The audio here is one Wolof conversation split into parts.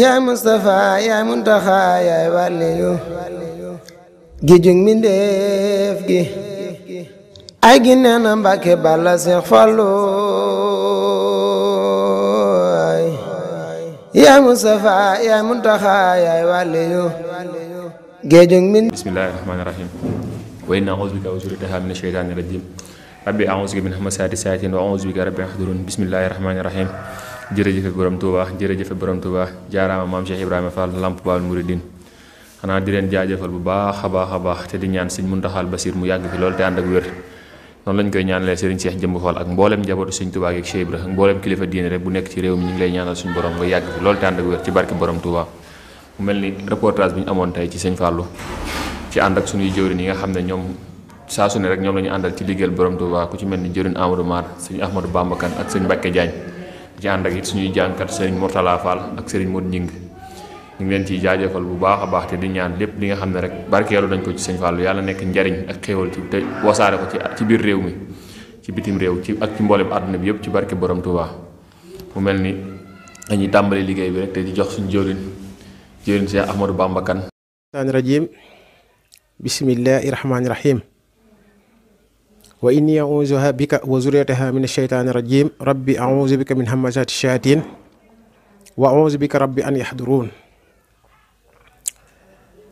yaay Mustafa yaay Muntaxa yaay wàlliyu gi jug mi ndéef gi ay gi nee na Mbàkke balla Seex Fallu yaay Muntaxa yaay wàlliyu gi jug mi bismillaahi rahmaani rahiim wa inna auzu bika wa zurriyataha min ash-shaytaani rajiim rabbi auzu bika min hamasaati saatiin wa auzu bika rabbi ahdurun bismillaahi rahmaani rahiim jërëjëfe borom Touba jërëjëfe borom Touba jaarama mam Cheikh Ibrahima Fall Lamp bal Mouridine xana di len jaajeufal bu baakha baakha baax te di ñaan seigne Muntaxal basir mu yagg fi lol te and ak wër non lañ koy ñaanalee seigne Cheikh jëm xol ak mboolem njabootu seigne Touba ak Cheikh Ibrahima mboolem kilifa diine rek bu nekk ci rew mi ñu ngi lay ñaanal suñu borom nga yagg fi lol te and ak wër ci barke borom Touba mu melni ni reportage bi ñu amoon tey ci seigne fallu ci and ak suñu jëwri ni nga xamne ñom sa suñu rek ñom lañu andal ci liggéeyal borom Touba ku ci melni jëriñ Amadou Mar seigne Ahmadou Bambakan ak seigne Mbacke Diagne ci ànd ak it suñuy jaamkat sëriñ Mourtala Fall ak sëriñ Mod Ñing ñu ngi leen ciy jaajëfal bu baax a baax te di ñaan lépp li nga xam ne rek barkeelu nañ ko ci sëñ Fall yàlla nekk njariñ ak xéewal ci te wasaare ko ci ci biir réew mi ci bitim réew ci ak ci mboolem àdduna bi yëpp ci barke borom tuba mu mel ni dañuy tàmbali liggéey bi rek te di jox suñu jëwlin jëwlin Cheikh Ahmadou Bamba tan rajim bismillahir rahmanir rahim وإني أعوذها بك وزريتها من الشيطان الرجيم ربي أعوذ بك من همزات الشياطين وأعوذ بك ربي أن يحضرون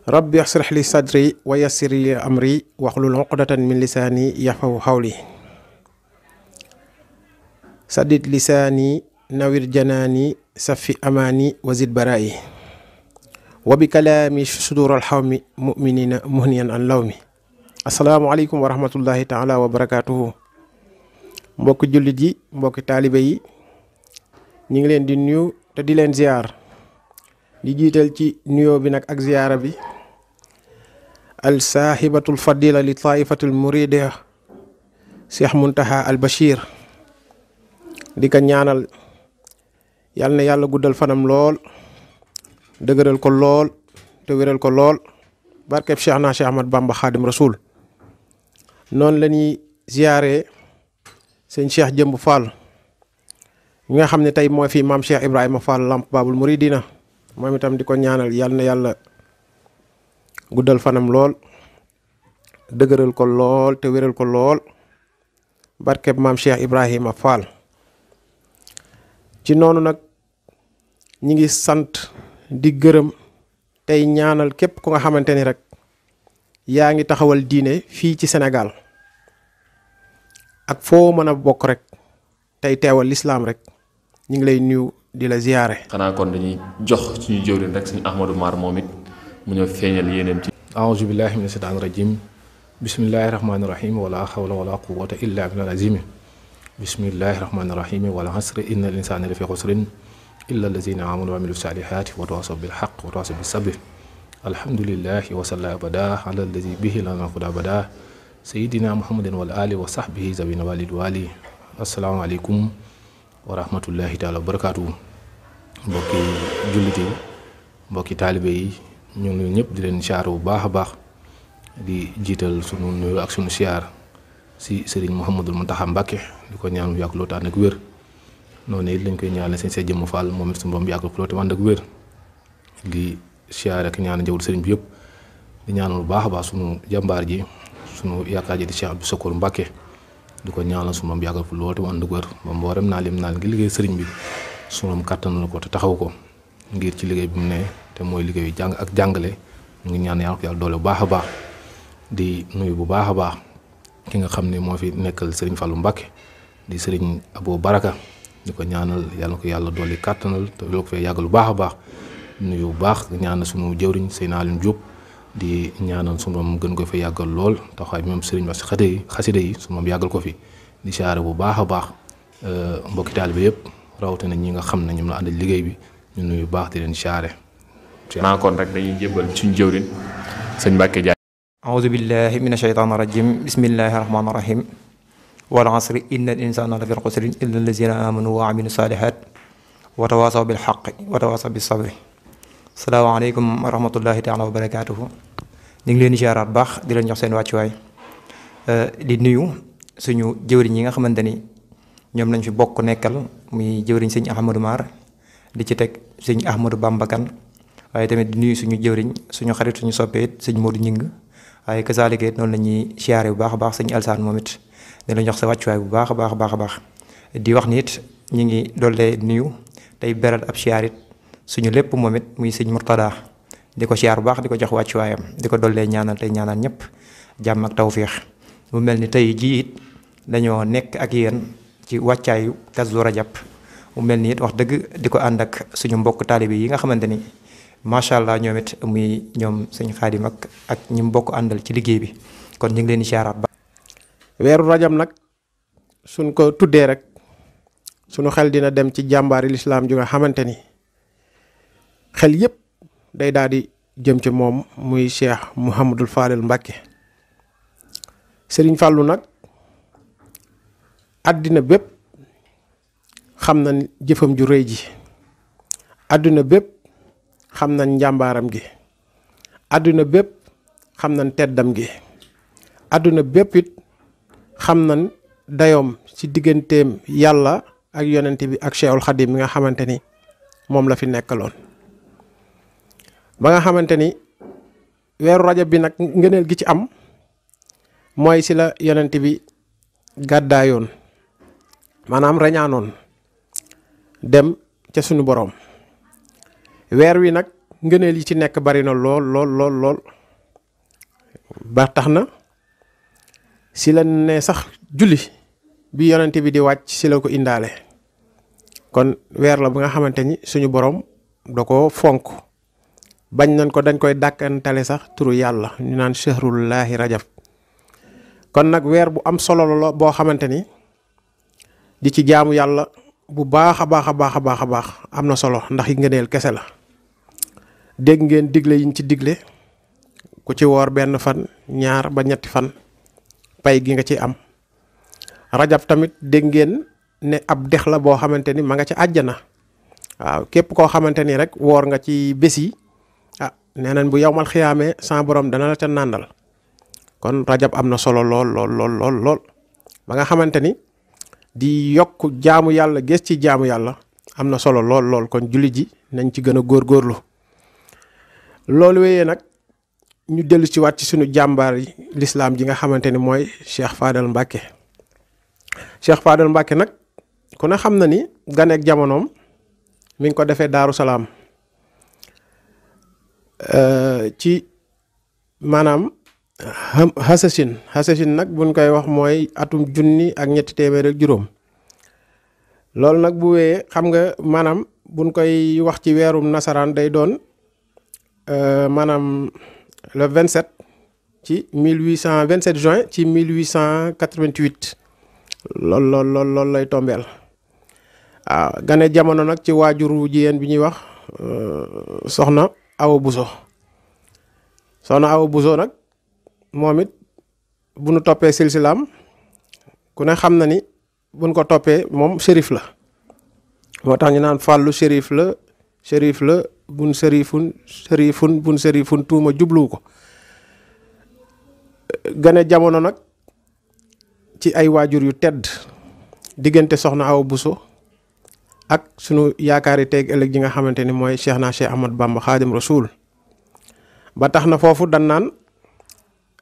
ربي أصلح لي صدري ويسر لي أمري وأحلل عقدة من لساني يفهو حولي سدد لساني نوير جناني سف أماني وزد برائي وبكلامي صدور الحوم مؤمنين مهنيا عن لومي asalaamaaleykum wa rahmatullahi taala wa barakaatuhu mbokki jullit yi mbokki taalibe yi ñu ngi leen di nuyu te di leen ziar di jiital ci nuyoo bi nag ak ziyaara bi al saahibatul fadila li taifatul murida cheikh muntaha al bachir di ko ñaanal yàlla na yàlla guddal fanam lool dëgëral ko lool te ko lool barkeb cheikh naa cheikh ahmad bamba xaadim rasul noonu la ñuy ziyaare sëñ Cheikh Jëmb Fall mi nga xam ne tey mooy fii maam Cheikh Ibrahima Fall Lamp Baabul Muridina moom itam di ko ñaanal yàlla na yàlla guddal fanam lool dëgëral ko lool te wéral ko lool barkeb maam Cheikh Ibrahima Fall ci noonu nag ñi ngi sant di gërëm tey ñaanal képp ku nga xamante ni rek. yaa ngi taxawal diine fii ci Sénégal ak foo mën a bokk rek tey teewal lislaam rek ñu ngi lay nuyu di la ziare xanaa kon dañuy jox suñu jëwriñ rek suñu Ahmadou Mar moom it mu ñëw feeñal yéeneem ci. aouzu billahi mina shaytaani rajim bismillahi rahmaani rahim wala xawla wala quwwata illa billahil azim bismillahi rahmaani rahim wal asri innal insana lafi xusrin illa allazina amanu wa amilu salihati wa tawasaw bil wa tawasaw bis alhamdulillahi wa sallallahu abada ala alladhi bihi lana kuda abada sayyidina muhammadin wal ali wa sahbihi zawin walid wali assalamu alaikum wa rahmatullahi ta'ala barakatuh mbokki jullite mbokki talibe yi ñu ngi ñëpp di len xaar bu baax di jital sunu nuyu ak sunu siyaar si serigne muhammadul muntaha mbacke diko ñaanu yak mu yàgg ak wër noné lañ koy ñaanal seen sey jëm faal momit mbom ak wër di siyaare ak ñaan njawul sëriñ bi yëpp di ñaanal bu baax a baax sunu jàmbaar ji sunu yaakaar ji di Cheikh Abdou Sakor Mbacke di ko ñaanal sunu moom yàggal fu lool te mu ànd wér ba naa lim naa ngi liggéey sëriñ bi sunu moom la ko taxaw ko ngir ci liggéey bi mu ne te mooy liggéeyu jàng ak jàngale ñu ñaan yàlla ko yàlla bu baax a baax di nuyu bu baax a baax ki nga xam ne moo fi nekkal sëriñ Fallou Mbacke di sëriñ Abo Baraka di ko ñaanal yàlla ko yàlla doole kàttanal te loolu ko fee yàggal bu baax a baax nuyu bu baax di ñaanal sunu jëwriñ Sëñ Aliou Diop di ñaanal sunu moom gën ko fi yàggal lool taxawaay même sëriñ wax si yi xasida yi sunu moom yàggal ko fi di siyaare bu baax a mbokki taalibe yëpp rawatina ñi nga xam ne ñoom la àndal liggéey bi ñu nuyu bu di leen siyaare. naa kon rek dañuy jébbal suñu jëwriñ sëñ Mbacke Jaay أعوذ بالله من الشيطان الرجيم بسم الله الرحمن الرحيم والعصر إن الإنسان لفي خسر إلا الذين آمنوا وعملوا الصالحات وتواصوا بالحق وتواصوا بالصبر salaamaaleykum wa rahmatullahi taala wa barakaatuhu ñu ngi leen di ziaraat baax di leen jox seen wàccuwaay eh, di nuyu suñu jëwriñ yi nga xamante ni ñoom lañ fi bokk nekkal muy jëwriñ sëñ Ahmadou di ci teg sëñ Ahmadou Bambakan waaye tamit di nuyu suñu jëwriñ suñu xarit suñu soppeet sëñ Modou Ñing waaye kasaalike noonu la ñuy ziare bu baax a baax sëñ Alsaan moom it di leen jox sa wàccuwaay bu baax a baax a baax di wax nit ñi ngi doole nuyu tey beral ab ziarit suñu lépp momit muy sëñ Murtada di ko siyaar baax di ko jox wàccuwaayam di ko dollee ñaanal tey ñaanal ñëpp jàmm ak tawféex mu mel ni tey jii it dañoo nekk ak yéen ci wàccaayu Kazu Rajab mu mel ni it wax dëgg di ko ànd ak suñu mbokk taalibe yi nga xamante ni macha allah ñoom it muy ñoom sëñ Xaadim ak ak ñi mbokk ci liggéey bi kon ñu ngi leen di siyaaraat baax. weeru rajab suñ ko tuddee rek sunu xel dina dem ci Islam islam ju nga xamante xel yépp day daal jëm ci moom muy cheikh mouhamadul fadel mbàkke serigne fallu nag àddina bépp xam na jëfam ju rëy ji àdduna bépp xam nañ njàmbaaram gi àdduna bépp xam nañ teddam gi àdduna bépp it xam nañ ci digganteem yàlla ak yonent bi ak Cheikhul Khadim nga xamante ni moom la fi nekkaloon ba nga xamante ni weeru rajab bi nag ngëneel gi ci am mooy si la yonent bi gàddaayoon maanaam reñaanoon dem ca suñu boroom weer wi nag ngëneel yi ci nekk bari na lool lool lool ba tax na si la ne sax julli bi yonent bi di wàcc si la ko indaale kon weer la bu nga xamante ni suñu boroom da ko fonk bañ nañ ko dañ koy dàkkantale sax turu yàlla ñu naan shahrullahi rajab kon nag weer bu am solo la boo xamante di ci jaamu yàlla bu baax a baax a baax a am na solo ndax yi ngëneel kese la dégg ngeen digle yiñ ci digle ku ci woor benn fan ñaar ba ñetti fan pay gi nga ci am rajab tamit dégg ngeen ne ab dex la boo xamante ni ma nga ci àjjana waaw képp koo xamante rek woor nga ci bés nee bu yawmal xiyaamee sa borom dana la ca nàndal kon rajab am solo lol lol lol lol, lool ba nga xamante ni di yokk jaamu yàlla gis ci jaamu yàlla am na solo lol lol kon julli ji nañ ci gën a góorgóorlu loolu wéyee nag ñu dellu ci waat ci suñu jàmbaar yi lislaam ji nga xamante ni mooy cheikh fadal mbàkke cheikh fadal mbàkke nag ku ne xam na ni ganeeg jamonoom mi ngi ko defee daaru salaam Euh, ci maanaam xasasin xasasin nag buñ koy wax mooy atum junni ak ñetti téeméer ak juróom loolu nag bu wéyee xam nga maanaam buñ koy wax ci weerum nasaraan day doon euh, maanaam le 27 ci 1827 juin ci 1888 lool lool lool lay tombeel waaw ah, gane jamono nag ci waajuru jigéen bi ñuy wax euh, soxna awo buso na awo buso nak momit it bu nu toppee silsilaam ku ne xamna ni buñ ko topé moom shérif la motax ñu naan fallu shérif la shérif la bun serifun serifun bun sërifun tuuma jublu ko gane jamono nak ci ay wajur yu tedd digënté soxna awo buso ak sunu yaakaari teeg ëllëg ji nga xamante ni mooy Cheikh naa Cheikh Ahmad Bamba Xaadim Rasul ba tax na foofu dan naan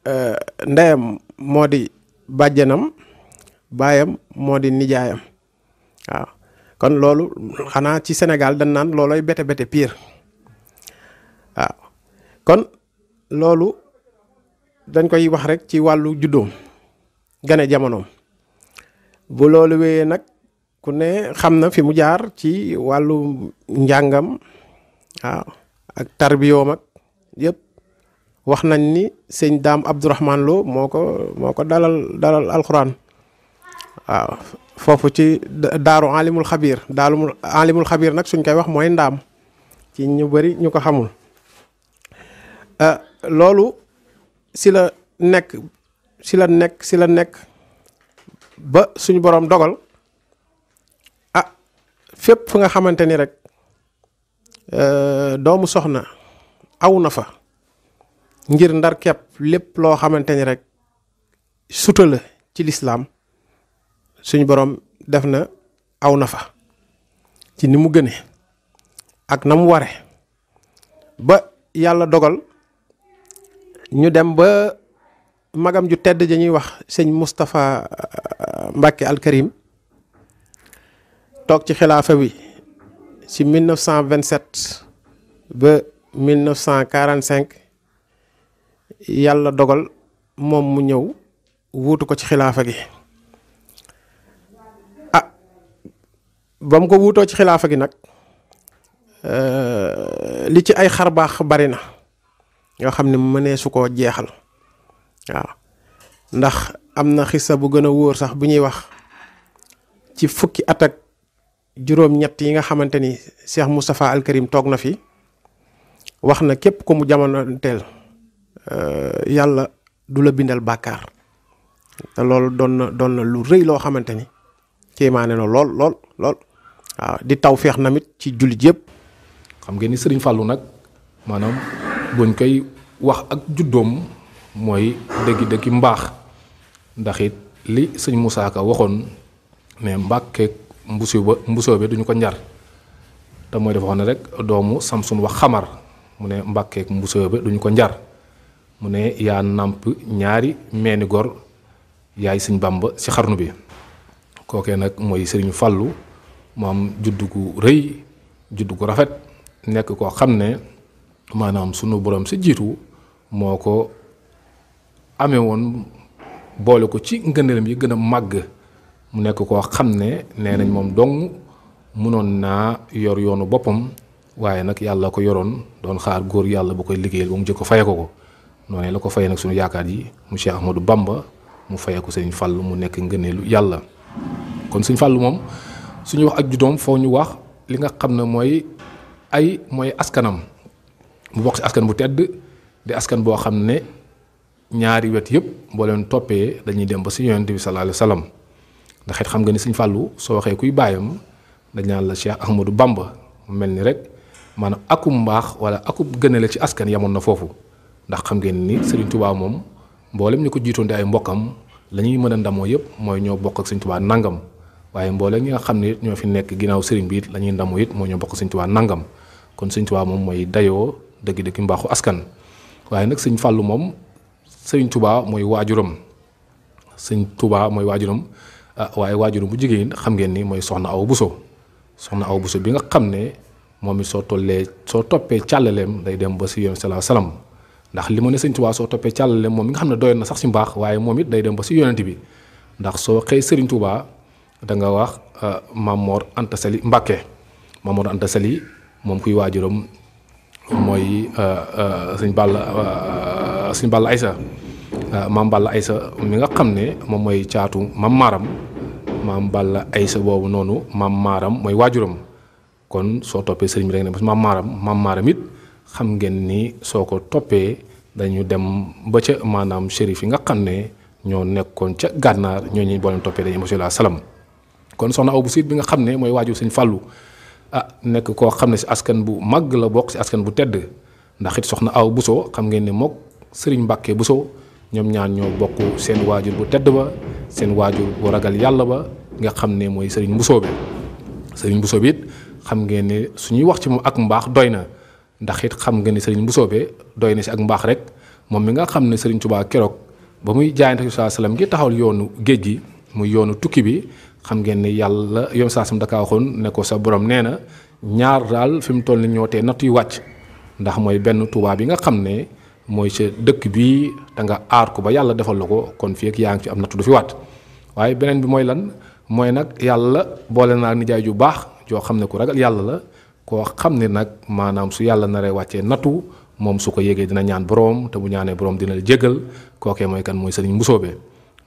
euh, ndeyam moo di bàjjenam baayam moo di nijaayam waaw kon loolu xanaa ci senegal dan naan loolooy bete bete piir waaw kon loolu dañ koy wax rek ci wàllu juddoom gane jamonoom bu loolu wéyee nag ku ne xam na fi mu jaar ci wàllu njàngam waaw ak tarbiyoom ak yépp wax nañ ni sëñ daam abdourahman lo moo ko dalal dalal alquran waaw foofu ci daaru alimul xabir daalumul alimul xabir nag suñ koy wax mooy ndaam ci ñu bari ñu ko xamul euh, loolu si la nekk si la nekk si la nekk ba suñu borom dogal fépp fu nga xamante ni rek euh, doomu soxna aw na fa ngir ndar kepp lépp loo xamante ni rek suta la ci lislaam suñu borom def na aw na fa ci ni mu ak na mu ba yàlla dogal ñu dem ba magam ju tedd ja ñuy wax sëñ mustapha euh, Mbacke Alkarim toog ci xilaafa bi ci 1927 ba 1945 yàlla dogal moom mu ñëw wuutu ko ci xilaafa gi ah ba mu ko wuutoo ci xilaafa gi nag euh, li ci ay xar baax bari na yoo xam ne mënee su koo jeexal waaw ndax am na xissa bu gën a wóor sax bu ñuy wax ci fukki at juróom-ñett yi nga xamante ni Cheikh Moustapha Al Karim toog na fi wax na képp ku mu jamonoonteel euh, yàlla du la bindal bàkkaar te loolu doon na doon na lu rëy loo xamante ni kéemaane na lool lool lool waaw di taw feex namit ci jullit yëpp. xam ngeen ni Serigne Fallou nag maanaam buñ koy wax ak juddoom mooy mbaax ndax it li sëñ Moussa Ka waxoon ne mbàkkeeg. mbusu ba mbusoo bi duñu ko njar te mooy dafa xam ne rek doomu samsun wa xamar mu ne mbàkkeek mbusoo bi duñu ko njar mu ne yaa nàmp ñaari meeni gor yaay sëñ bàmba ci xarnu bi kookee nag mooy sëriñu fàllu mu am judd ku rëy juddu ku rafet nekk koo xam ne maanaam sunu borom si jiitu moo ko amee woon boole ko ci ngëneelam yi gën a màgg mu nekk koo xam ne nee nañ moom dong mënoon naa yor yoonu boppam waaye nag yàlla ko yoroon doon xaar góor yàlla bu koy liggéeyal ba mu jëkk faye ko noonee la ko faye nag sunu yaakaar yi mu Cheikh Ahmadou Bamba mu faye ko sëñ Fall mu nekk ngëneelu yàlla kon sëñ Fall moom suñu wax ak judoom foo ñu wax li nga xam ne mooy ay mooy askanam mu bokk si askan bu tedd di askan boo xam ne ñaari wet yëpp boo leen toppee dañuy dem ba si yonente bi sallallahu ndax it xam nga ni sëñ fàllu soo waxee kuy baayam dañ naan la Cheikh Ahmadou Bamba mel ni rek maanaam akub mbaax wala akub gënale ci askan yamoon na foofu ndax xam ngeen ni Serigne tubaa moom mboolem ñu ko jiitoon di mbokkam la ñuy mën a ndamoo yëpp mooy ñoo bokk ak Serigne nangam waaye mboolem ñi nga xam ne ñoo fi nekk ginnaaw Serigne bi it la it mooy ñoo bokk Serigne Touba kon Serigne moom mooy dayoo dëgg-dëgg mbaaxu askan waaye nag sëñ Fallou moom Serigne tubaa mooy waajuram Serigne tubaa mooy waajuram Ah, waaye waajurum bu jigéen xam ngeen ni mooy soxna aw buso soxna aw buso bi nga xam ne moom it soo tollee soo toppee càllaleem day dem ba si yoon salaa salaam ndax li ma ne sëñ Tuubaa soo toppee càllaleem moom mi nga xam ne doy na sax si mbaax waaye moom it day dem ba si yonent bi ndax soo xëy sëriñ Tuubaa da nga wax ah, Mamor antasali Sali Mamor antasali Sali moom kuy waajuram mooy ah, sëñ Balla sëñ Balla Aysa mam Balla Aysa mi nga xam ne moom mooy caatu mam maram maam balla aysa boobu noonu maam maaram mooy waajuram kon so toppee sëriñ bi da nga mam parce mam maam maaram maam maaram it xam ngeen ni soo ko toppee dañu dem ba ca maanaam shérif yi nga xam ne ñoo nekkoon ca gànnaar ñoo ñuy boo toppee monsieur la salam kon soxna aw bu bi nga xam ne mooy waajur sëñ fàllu ah nekk koo xam ne askan bu mag la bokk si askan bu tedd ndax it soxna aw buso xam ngeen ne mok sëriñ mbàkkee buso ñoom ñaan ñoo bokk seen waajur bu tedd ba seen waajur bu ragal yàlla ba nga xam ne mooy sëriñ Mbusoobe sëriñ Mbusoobe it xam ngeen ne suñuy wax ci moom ak mbaax doy na ndax it xam nga ne sëriñ Mbusoobe doy na si ak mbaax rek moom mi nga xam ne sëriñ Tuubaa keroog ba muy jaayante ak saa salaam gi taxawal yoonu géej gi muy yoonu tukki bi xam ngeen ne yàlla yoon saa sam dakaa ne ko sa borom nee na ñaar daal fi mu toll ni ñoo tee natt yu wàcc ndax mooy benn tubaab yi nga xam ne mooy sa dëkk bi da nga aar ko ba yàlla defal la ko kon fii ak yaa ngi fi am nattu du fi waat waaye beneen bi mooy lan mooy nag yàlla boole naa nijaay ju baax joo xam ne ku ragal yàlla la koo xam ne nag maanaam su yàlla naree wàccee nattu moom su ko yégee dina ñaan boroom te bu ñaanee boroom dina la jéggal kookee mooy kan mooy sëriñ Mbusoobe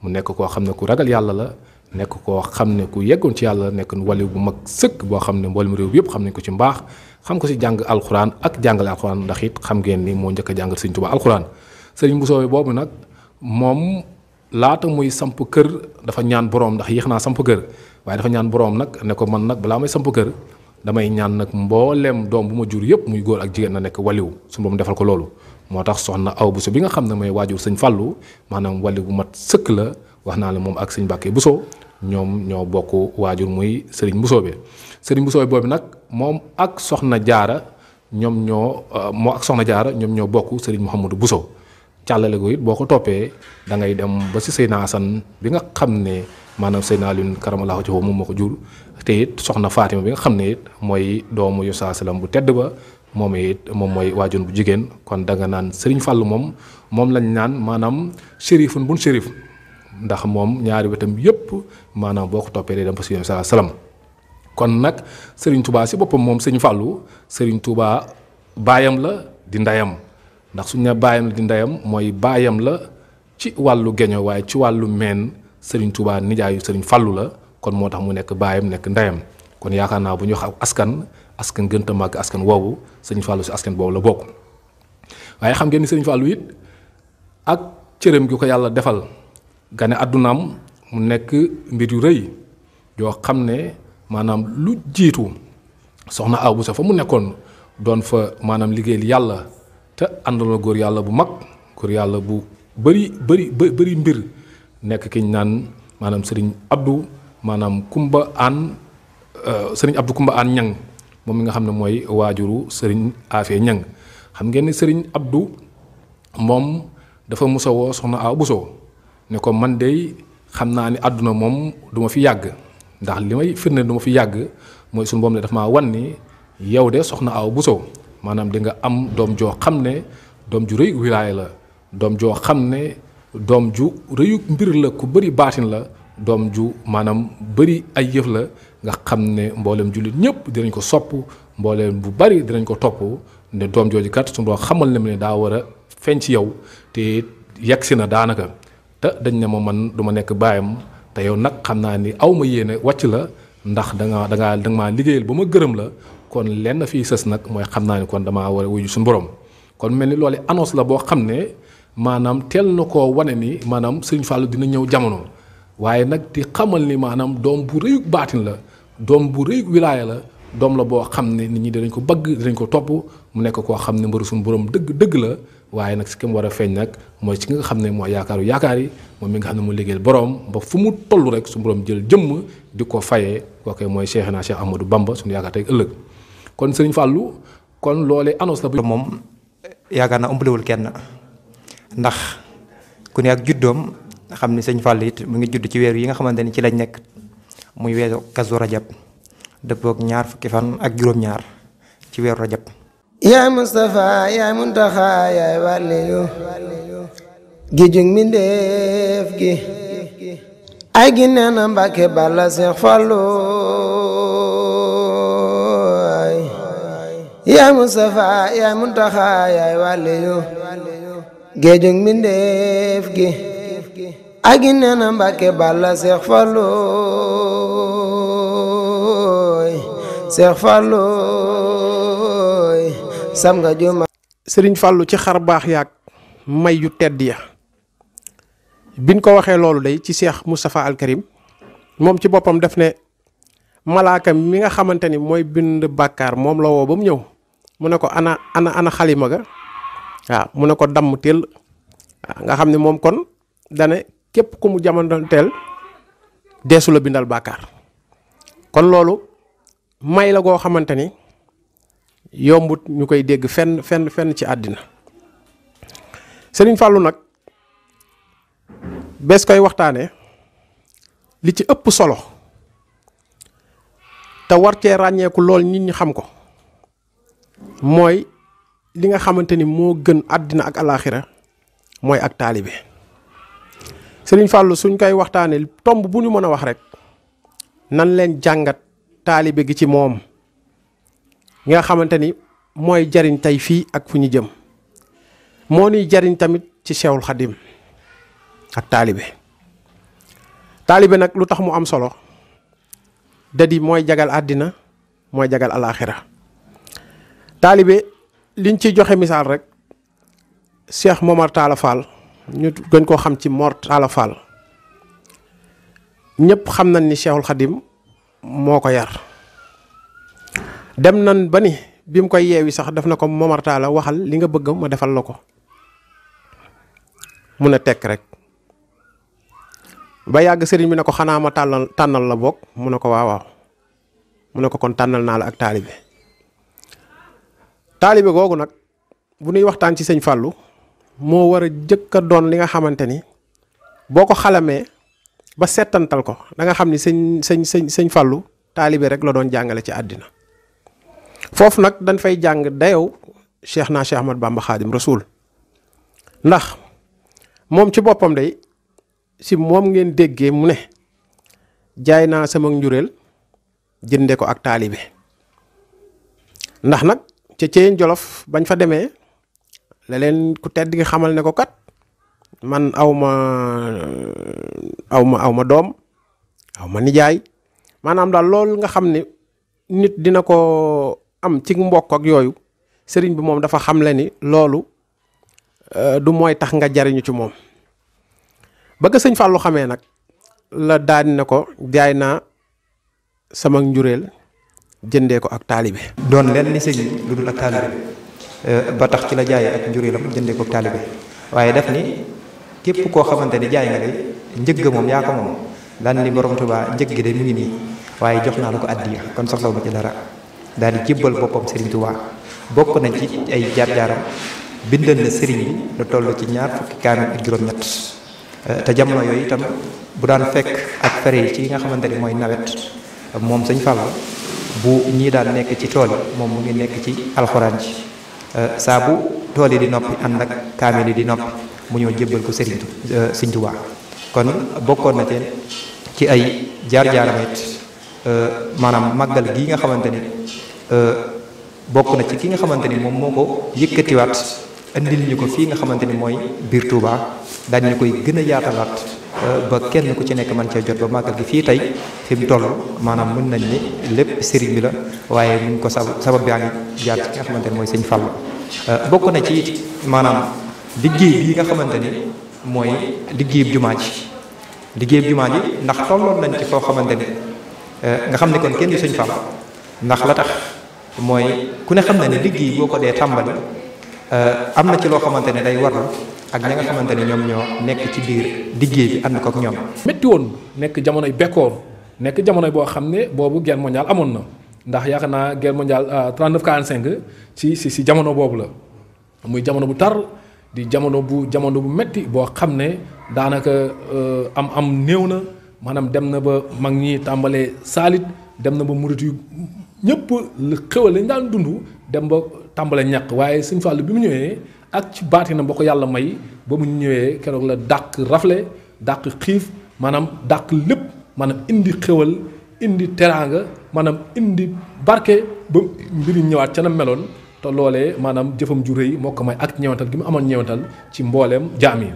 mu nekk koo xam ne ku ragal yàlla la nekk koo xam ne ku yeggoon ci yàlla nekk waliw bu mag sëkk boo xam ne mboolem réew bi yëpp xam ne ko ci mbaax xam ko ci jàng alquran ak jàngale alquran ndax it xam ngeen ni moo njëkk a jàngal sëñ tuba alquran sëriñ bu soobee boobu nag moom laata muy samp kër dafa ñaan borom ndax yéex naa samp kër waaye dafa ñaan borom nag ne ko man nag balaa may samp kër damay ñaan nag mboolem doom bu ma jur yépp muy góor ak jigéen na nekk waliw su borom defal ko loolu moo tax soxna aw buso bi nga xam ne may waajur sëñ fàllu maanaam waliw bu mat sëkk la wax la moom ak sëñ bàkkee buso ñoom ñoo bokk waajur muy sëriñ busoobe sëriñ bu sooy boobu nag moom ak soxna jaara ñoom ñoo euh, moo ak soxna jaara ñoom ñoo bokk sëriñ Mouhamadou Bousso càllale ko it boo ko toppee dangay dem ba si Seyna Assane bi nga xam ne maanaam Seyna Alioune karamallahu wajhahu moom moo ko jur te it soxna Fatima bi nga xam ne mooy doomu Yusa Salam bu tedd ba moom it moom mooy waajur bu jigéen kon da naan sëriñ fàll moom moom lañ naan maanaam shérifun bun shérif ndax moom ñaari wetam yëpp maanaam boo ko toppee day dem ba si Yusa Salam kon nag sëriñ Touba si boppam moom sëñ Fallou Serigne Touba baayam la di ndeyam ndax suñ ne baayam la di ndeyam mooy baayam la ci wàllu geño waaye ci wàllu meen Serigne Touba nijaayu Serigne Fallou la kon moo tax mu nekk baayam nekk ndeyam kon yaakaar naa bu ñu wax askan askan gën a askan woowu Serigne Fallou si askan boobu la bokk waaye xam ngeen ni Serigne Fallou it ak cërëm gi ko yàlla defal gane àddunaam mu nekk mbir yu rëy yoo xam ne. manam lu jitu soxna abu sa fa mu nekkon don fa manam liggéeyal yalla te andal goor yalla bu mag goor yalla bu beri beri bëri mbir nek kiñ nan manam serigne abdu manam kumba an euh, sering abdu kumba an ñang mom nga xamne moy wajuru serigne sering ñang xam ngeen ni serigne abdu mom dafa wo soxna abu so ne ko man day xamna ni aduna mom duma fi ndax li may firnde du ma fi yàgg mooy suñu mboom ne daf maa wan ni yow de soxna aw bu sow maanaam di am doom joo xam ne doom ju rëy la doom joo xam ne doom ju rëyu mbir la ku bari baatin la doom ju maanaam bëri ay yëf la nga xam ne mboolem jullit ñëpp dinañ ko sopp mbooleem bu bari dinañ ko topp ne doom jooju kat suñu xamal ne mu ne daa war feeñ ci yow te yegg si na daanaka te dañ ne ma man du nekk baayam te yow nag xam naa ni aw ma yéene wàcc la ndax danga nga da maa liggéeyal ba ma gërëm la kon lenn fii sës nag mooy xam naa ni kon damaa war a wuyu suñu borom kon mel ni loolu annonce la boo xam ne maanaam teel na ko wane ni maanaam suñu Fallou dina ñëw jamono waaye nag di xamal ni maanaam doom bu rëyug baatin la doom bu rëyug wilaaya la doom la boo xam ne nit ñi dinañ ko bëgg dinañ ko topp mu nekk koo xam ne mbaru suñ borom dëgg dëgg la waye nak si ki mu war a feeñ ci nga xamne moy mooy yaakaaru yi mi nga xamne mo borom ba fu mu tollu rek su borom jël diko fayé ko kay moy cheikh amadou bamba sun yaakaar tey kon serigne fàllu kon lolé annonce la bu moom yaakaar naa wul kenn ndax ku ne ak juddoom xam ne sëñ it mu ngi judd ci weer yi nga xamanteni ci lañ nek muy kazu rajab ñaar fukki fan ak juroom ñaar ci rajab yaay Mustafa yaay Muntaxa yaay wàlliyu gi jug mi gi ay gi nee balla Seex Fallu yaay Mustafa yaay Muntaxa yaay wàlliyu gi jug mi gi ay gi nee balla Seex Fallu Seex Fallu sam nga juma serigne fallu ci xar bax yak may yu tedd ya biñ ko waxe lolou day ci cheikh mustafa al Karim Mom ci bopam def ne malaka mi nga xamanteni moy bind bakar mom la wo bam ñew ana ana ana khalimaga. ga wa mu ne ko damm nga xamni mom kon dane kep ku mu jamono teel la bindal bakar kon lolou may la go xamanteni yombut ñu dégg fenn fenn fenn ci àddina sëriñ Fallou nag bes koy waxtaane li ci ëpp solo te war cee ràññeeku lool nit ñi xam ko mooy li nga xamante ni moo gën àddina ak alaxira mooy ak taalibe sëriñ Fallou suñ koy waxtaane tomb bu ñu mën a wax rek nan leen jàngat taalibe gi ci moom nga xamanteni moy mooy jariñ tey fii ak fuñu jëm mo ni jariñ tamit ci cheikhul khadim ak taalibe talibé nak lu mu am solo dadi moy jagal adina, moy jagal alakhirah. taalibe liñ ci joxe misal rek Cheikh Momar tala Fall ñu gën ko xam ci mort tala Fall ñepp xam nañ ni Cheikhul Khadim moko yar dem nan ba ni bi koy yewi sax daf nako ko Momar Talla waxal li nga bëgg ma defal lako ko mun a rek ba yag serign bi nako xana ma talal tanal la bok mu ne ko waaw waaw mu ko kon tanal na la ak taalibe taalibe gogu nak bu nuy waxtan ci serign fallu mo wara jëkka doon li nga xamanteni boko xalamé ba settantal ko da nga xamni serign serign serign fallu rek la doon jangalé ci adina foofu nag dañ fay jàng dayow cheikh na cheikh Ahmad Bamba xaadim rasul ndax moom ci boppam day si moom ngeen déggee mu ne jaay naa sama njureel jënde ko ak taalibe ndax nag ca Ceyeen Jolof bañ fa demee la leen ku tedd gi xamal ne ko kat man aw ma aw ma aw doom aw ma nijaay maanaam daal loolu nga xam ne nit dina ko am ci mbokk ak yooyu sëriñ bi moom dafa xamle ni loolu euh, du mooy tax nga jariñu ci moom ga sëñ fàllu xamee nag la daan ne ko jaay naa sama njureel jëndee ko ak taalibe doon leen ni sëñ bi lu dul ak taalibe euh, ba tax ci la jaay ak njureelam jëndee ko ak taalibe waaye daf ni képp koo xamante ni jaay nga de njëgg moom yaa ko moom daan ni borom Tuubaa njëg gi de mi ngi nii waaye jox naa la ko addiya kon ci dara daal di jébbal boppam Serigne Touba bokk na ci ay jaar-jaaram bindal na Serigne bi lu toll ci ñaar fukki kaamil ak juróom-ñett eh, te jamono yooyu itam bu daan fekk ak fere yi ci yi nga xamante ni mooy nawet moom sëñ Fall bu ñii daan nekk ci tool yi moom mu ngi nekk ci alxuraan ji eh, saa bu tool yi di noppi ànd ak kaamil yi di noppi mu ñëw jébbal ko Serigne eh, Sëñ Touba kon bokkoon na ci ay jaar-jaaram it maanaam màggal gi nga xamante ni. bokk na ci ki nga xamante ni moom moo ko yëkkatiwaat andil ñu ko fii nga xamante ni mooy biir dañ daañu koy gën a yaatalaat euh, ba kenn ku ci nekk man cee jot ba màggal gi fii tey fi mu maanaam mën nañ ni lépp sëriñ bi la waaye ñu ngi ko sabab sabab yaa ngi jaar ci ki nga xamante mooy sëñ Fall euh, bokk na ci maanaam liggéey bi nga xamante ni mooy liggéeyub jumaa ji liggéeyub jumaa ji ndax tolloon nañ ci foo xamante ni euh, nga xam ne kon kenn sëñ Fall mooy ku ne xam ne ne liggéey boo ko dee tàmbali euh, am na ci loo xamante ne day warlu ak ña nga xamante ne ñoom ñoo nekk ci biir liggéey bi ànd ko ak ñoom. métti woon nekk jamonoy bekkoor nekk jamono boo xam ne boobu guerre mondiale amoon na ndax yaakaar naa guerre mondiale 39 euh, 45 ci si si jamono boobu la muy jamono bu tar di jamono bu jamono bu métti boo xam ne daanaka euh, am am néew na maanaam dem na ba mag ñi tàmbalee saalit dem na ba murit yu ñëpp xéwal lañ daan dund dem ba tàmbale ñàkk waaye sëñ Fallou bi mu ñëwee ak ci baatinam ba ko yàlla may ba mu ñëwee keroog la dàq rafle dàq xiif maanaam dàq lépp maanaam indi xéwal indi teraanga maanaam indi barke ba mbir ñëwaat ca na meloon te loole maanaam jëfam ju rëy moo ko may ak ñeewantal gi mu amoon ñeewantal ci mbooleem jaam yi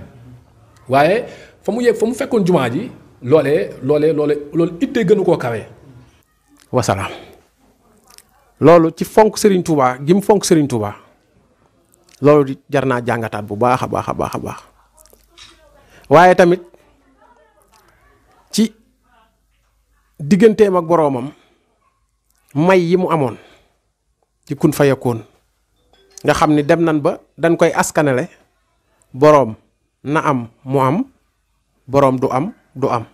waaye fa mu yegg fa mu fekkoon jumaa ji loole loole loolee loolu ittee gënu koo kawe wasalaam lolu ci fonk Serigne Touba gim fonk Serigne Touba lolu jarna naa jàngataat bu baakha baakha baakha baax waye tamit ci digganteem ak boromam may yi mu amone ci kun fayakon nga xamni ni dem nan ba dan koy askanale borom na am mu am borom du am du am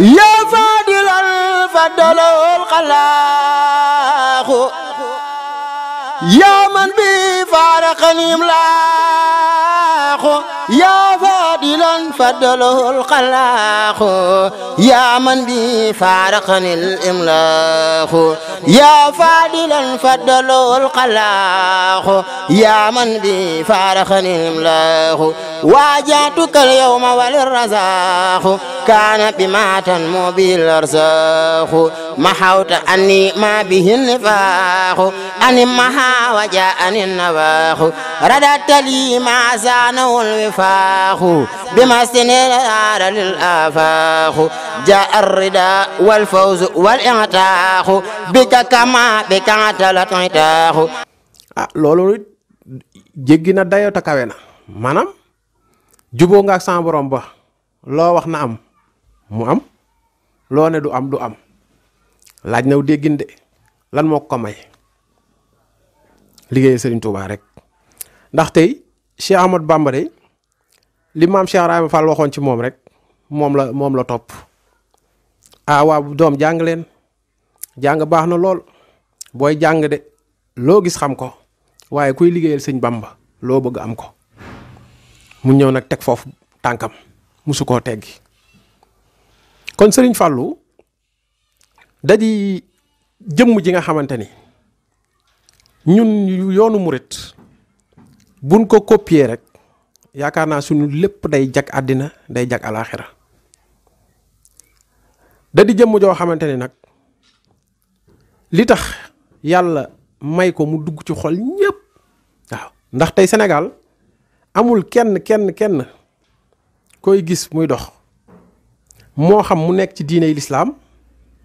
ya khalaq خو يا من بفارق الإملاق يا فاضلا فضله الخلاق يا من بفارقني الإملاق يا فاضلا فضله الخلاق يا من بفارقني الإملاق واجاتك اليوم وللرزاق كان بما تنمو به محوت أني ما به النفاق أني محا وجاءني النواخ رددت لي ما زانه الوفاق بما استنار للآفاق جاء الرداء والفوز والإعتاق بك كما بك عتلت عتاق loolu jéggi na dayoo ta kawe na maanaam juboo nga ak sama borom ba loo wax na am mu am loo ne du am du am laaj naw déggin de lan moo ko may liggéeyal sëriñ Touba rek ndax tey Cheikh Ahmadou Bamba de li maam Cheikh Rahma Fall waxoon ci moom rek moom la moom la topp ah waaw doom jàng leen jàng baax na lool booy jàng de loo gis xam ko waaye kuy liggéeyal sëñ Bamba loo bëgg am ko mu ñëw nag teg foofu tànkam musu koo teggi kon sëriñ Fallou daji jëmm ji nga xamante ni ñun yoonu murit buñ ko copier rek yaakaar naa suñu lépp day jag àddina day jag alaaxira da jëmm joo xamante ni nag li tax yàlla may ko mu dugg ci xol ñépp waaw ndax tey Sénégal amul kenn kenn kenn koy gis muy dox moo xam mu nekk ci diine lislaam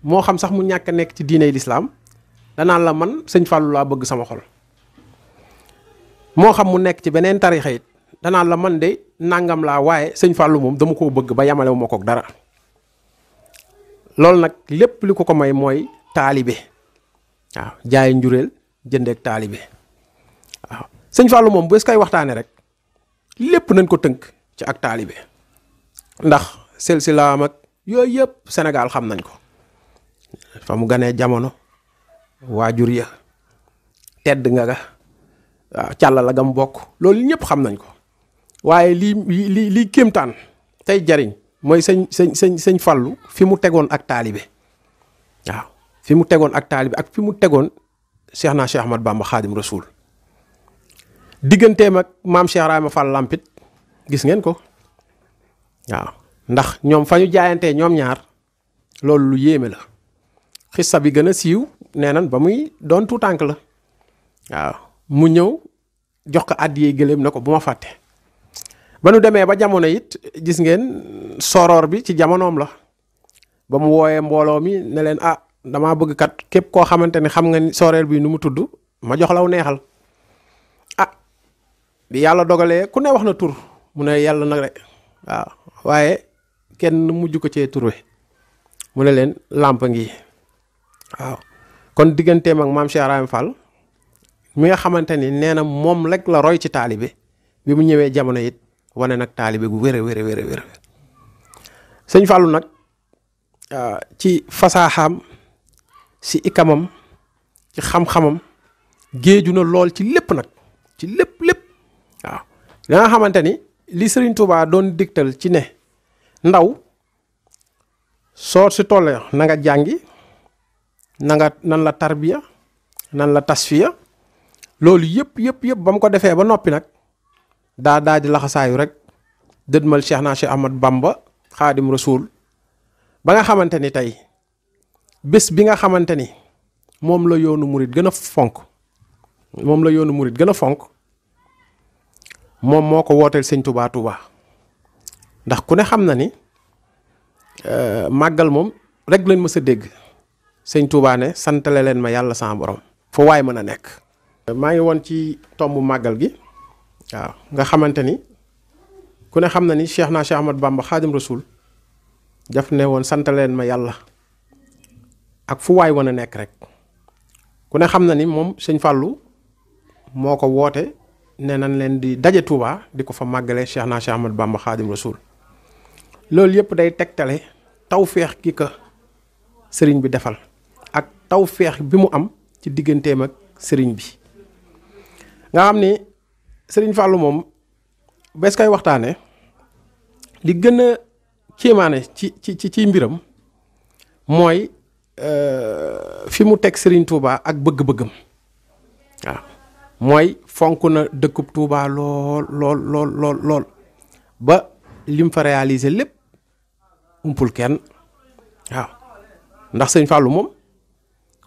moo xam sax mu ñàkk a nekk ci diiney lislaam danaan la man sëñ Fallou laa bëgg sama xol moo xam mu nekk ci beneen tarixa it danaan la man de nangam laa waaye sëñ Fallou moom dama koo bëgg ba yamalewu ma kook dara loolu nag lépp li ko ko may mooy taalibe waaw jaay njureel jëndeek taalibe waaw sëñ Fallou moom bés koy waxtaane rek lépp nañ ko tënk ci ak taalibe ndax silsilaam ak yooyu yëpp Sénégal xam nañ ko fa mu ganee jamono waajur ya tedd nga ga waaw càlla la gam bokk loolu ñëpp xam nañ ko waaye lii lii lii kéemtaan tey jariñ mooy sëñ sëñ sëñ sëñ Fallu fi mu tegoon ak taalibe waaw fi mu tegoon ak ak fi mu tegoon Cheikh naa Cheikh Ahmad Bamba Xaadim Rasuul digganteem ak maam Cheikh Rahma Fall Lampit gis ngeen ko waaw ndax ñoom fa ñu jaayantee ñoom ñaar loolu lu yéeme la xissa bi gëna siiw nee nan ba muy doon tout tànk la waaw mu ñëw jox ko addiye gëléem na ko bu ma fàtte ba nu demee ba jamono it gis ngeen soroor bi ci jamonoom la ba mu wooyee mbooloo mi ne leen ah dama bëgg kat képp koo xamante xam nga ni bi nu mu tudd ma jox law neexal ah bi yàlla dogalee ku ne wax na tur mu ne yàlla nag rek waaw waaye kenn mujj ko cee turwe mu ne leen ngi waaw kon digganteem ak maam Cheikh Ibrahima Fall mi nga xamante ni nee na moom rek la roy ci taalibe bi mu ñëwee jamono yit wane nag taalibe bu wér a wér a wér nag ah, ci fasaaxaam si ikamam ci xam-xamam géeju na lool ci lépp nag ci lépp lépp waaw da nga xamante ni li Serigne Touba doon dégtal ci ne ndaw soo si tollee nanga nga jàngi nanga nan la tarbiya nan la tasfiya loolu yëpp yëpp yëpp ba mu ko defee ba noppi nag daa daa di laxasaayu rek dëdmal Cheikh naa Cheikh Ahmad Bamba xaadim rasul ba nga xamante ni tey bés bi nga xamante ni moom la yoonu murit gën a fonk moom la yoonu murit gën a fonk moom moo ko wooteel sëñ tubaa tubaa ndax ku ne xam na ni euh, màggal moom rek lañ mës a dégg sëñ Touba ne santale leen ma yàlla sama borom foo waay mën a nekk. maa ngi woon ci tombu màggal gi waaw nga xamante ni ku ne xam na ni Cheikh naa Cheikh Ahmad Bamba Xaadim Rasul daf ne woon santale ma yàlla ak fu waay a nekk rek ku xam na ni moom sëñ moo ko woote ne nan leen di daje Touba di ko fa màggale Cheikh naa Cheikh Ahmad Bamba Xaadim Rasul loolu yëpp day tegtale tawféex gi ka sëriñ bi defal. taw feex bi mu am ci digganteem ak sëriñ bi nga xam ni sëriñ Fallou moom bés koy waxtaane li gën a kéemaane ci ci ci ci mbiram mooy euh, fi mu teg sëriñ Touba ak bëgg-bëggam waaw mooy fonk na dëkkub Touba lool lool lool lool ba lim fa réaliser lépp umpul kenn waaw ndax sëriñ Fallou moom.